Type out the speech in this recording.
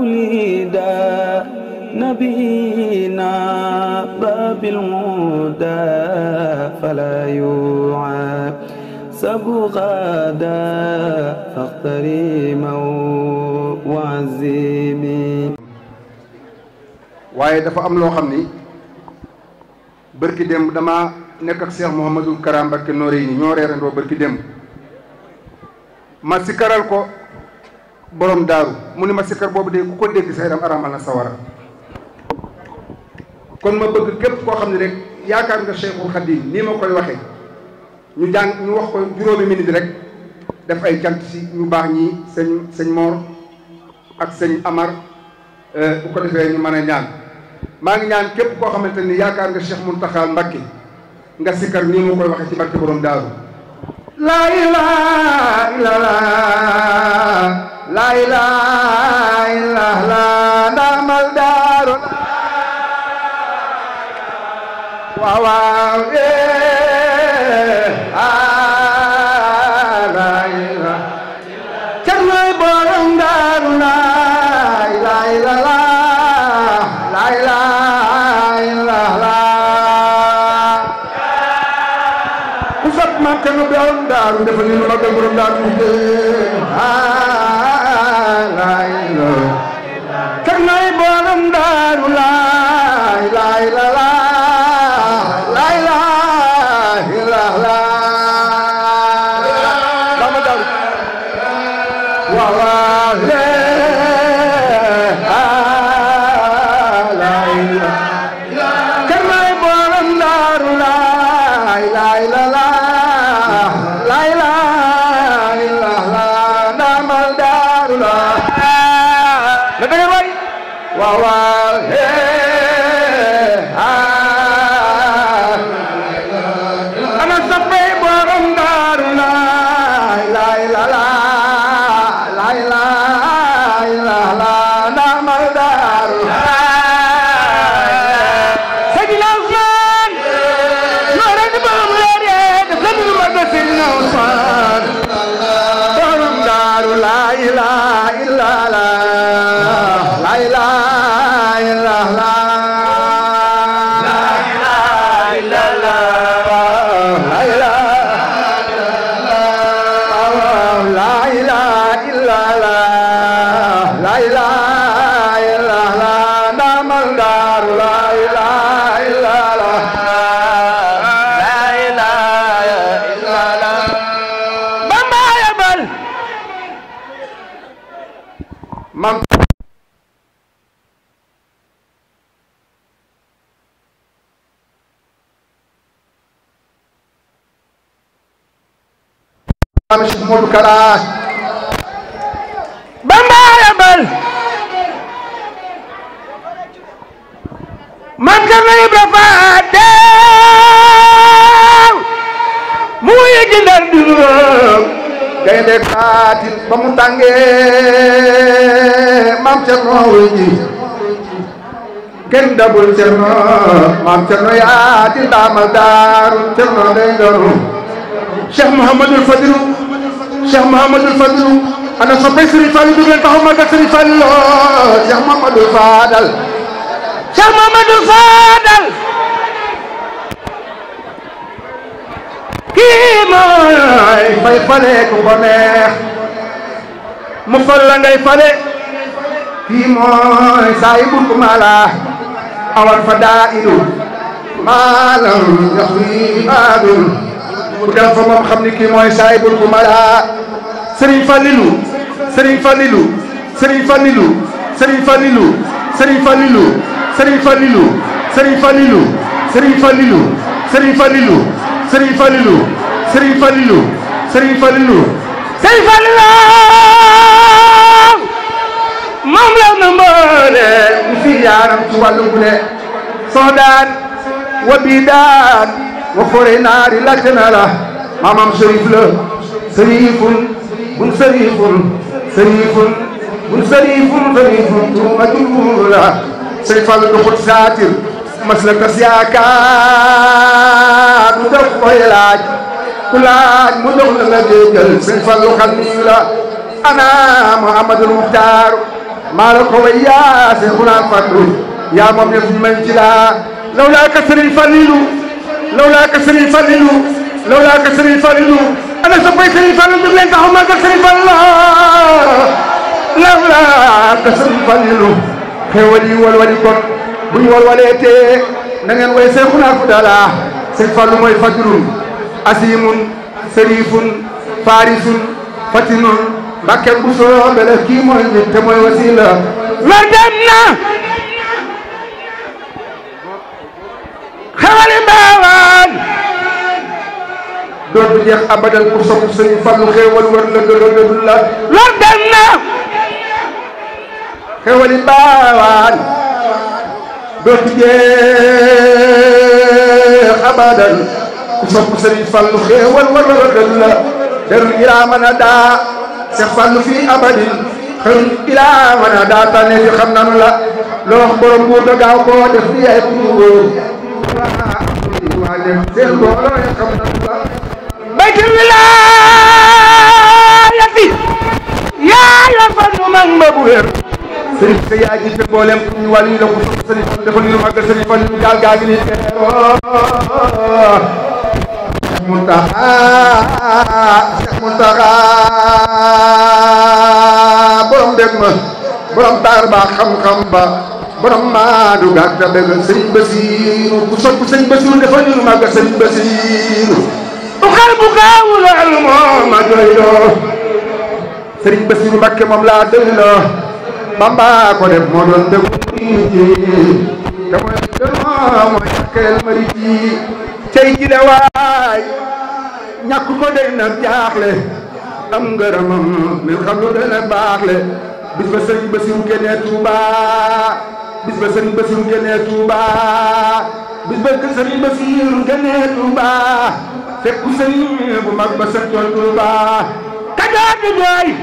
مولد waaye dafa am loo xam ni bërki démb dama nekk ak Cheikh Karam Mbacké Noreyni ñoo reerandoo bërki démb ma si ko borom daaru mu ni ma sikkar boobu de ku ko dégg sa yaram araamal na sawara kon ma bëgg képp koo xam ne rek yaakaar nga Cheikhul Khadim nii ma koy waxee ñu jàng ñu wax ko juróomi minute rek def ay cant si baax ñi sëñ sëñ Mor ak Amar euh, bu ko defee a ñaan maa ngi ñaan képp koo xamante ni yaakaar nga Cheikh Mountakha Mbacké nga sikkar nii ma koy ci barke borom daaru la ilaha illallah لا إله إلا الله نعم الدار واو لا إله كان بورم دار لا إله إلا الله لا إله إلا الله كفت ما كانوا بورم دار دفنين ما كانوا بورم دار la ilaha illallah la la la maam Cheikh Modou Kara Bamba Rebel maam Cerno Ibra Faal teew mu yëgi ndar di gaynde kaatil ba mu tàngee maam Cerno wuy ji kenn dabul Cerno maam Cerno yaa di ndaamal daaru Cerno day doru Cheikh Mouhamadul Fadilu Cheikh Mouhamadul Fadilu ana soppay Serigne Fallou du ngeen taxaw magal Serigne Fallou Cheikh Mouhamadul Fadal Cheikh Mouhamadul Fadal kii mooy fay fale ku ko neex mu fal la ngay fale kii mooy saahibul kamaala awal fadaa'ilu maalam yaxwi baadul ku dem fa moom xam ni kii mooy saahibul kamaala Serigne Fallilou Serigne Fallilou Serigne Fallilou Serigne Fallilou Serigne Fallilou Serigne Fallilou Serigne Fallilou Serigne Fallilou Serigne Fallilou Serigne Fallilou Serigne Fallilou Serigne Fallilou Serigne Fallilou jaaram ci wàllu gune soodaan wa biidaan wa fore naari laajte na la maamam sërif la sërifun bun sërifun sërifun bun sërifun sërifun tuuma juulu la sëñ Fall duxut saatir mas la tas yaakaar mu def koy laaj ku laaj mu dox la la géejal sëñ Fall xam ni la ana Muhammadul Muxtaar maa la ko way yaa seexunaa fadlu yaa moom ñëpp man ci laa lawlaa ka sëriñ Falilu lawlaa ka sëriñ Falilu lawlaa ka sëriñ Falilu ana soppay sëriñ Falilu bi leen taxaw màggal sëriñ Falilu lawlaa ka sëriñ Falilu xéewal yi walwali kon buñ walwalee tee na ngeen way seexunaa fu dalaa sëriñ Falilu mooy fajrun asimun sërifun Mbàkke bu soo bele kii mooy nit te mooy wasila war dem na xewali mbaawaan dootu jeex abadan ku sopp sëñ Fallu xewal war la doodu la war dem na xewali mbaawaan dootu jeex abadan ku sopp sëñ Fallu xewal war la doodu la deru iraama na daa Cheikh Fallou fii abadin xëy ilaa man a daa tànne fi xam nanu la loo wax borom buur da gaaw koo def fii ay kuuboo waa dem seen booloo ya xam nanu la baytul wilaayati yaa yor fan mu mag ma bu wér sëriñ ka yaa jiite mboolem ñu wàllu la ko sopp sëriñ fan defal ñu màggal sëriñ fan ñu gaal gaa gi nii teeroo Muntaxa bég ma borom taar ba xam-xam ba borom maadu gàtta bég ma sëriñ Basiiru ku sopp sëriñ Basiiru dafa ñu màgg sëriñ Basiiru u xar bu gaawul almooma doyloo sëriñ Basiiru Mbàkke moom laa doyloo Bamba ko def moo doon déglu te mooy doyloo mooy akkeel mari ji cey ji la waay ñàkk ko dey nag jaaxle am ngërëmam mi xam lu dana baaxle bis ba sëriñ Basiru génnee Touba bis ba sëriñ Basiru génnee Touba bis ba sëriñ Basiru génnee Touba fekku sëriñ bu mag ba santoon Touba kajaat jooy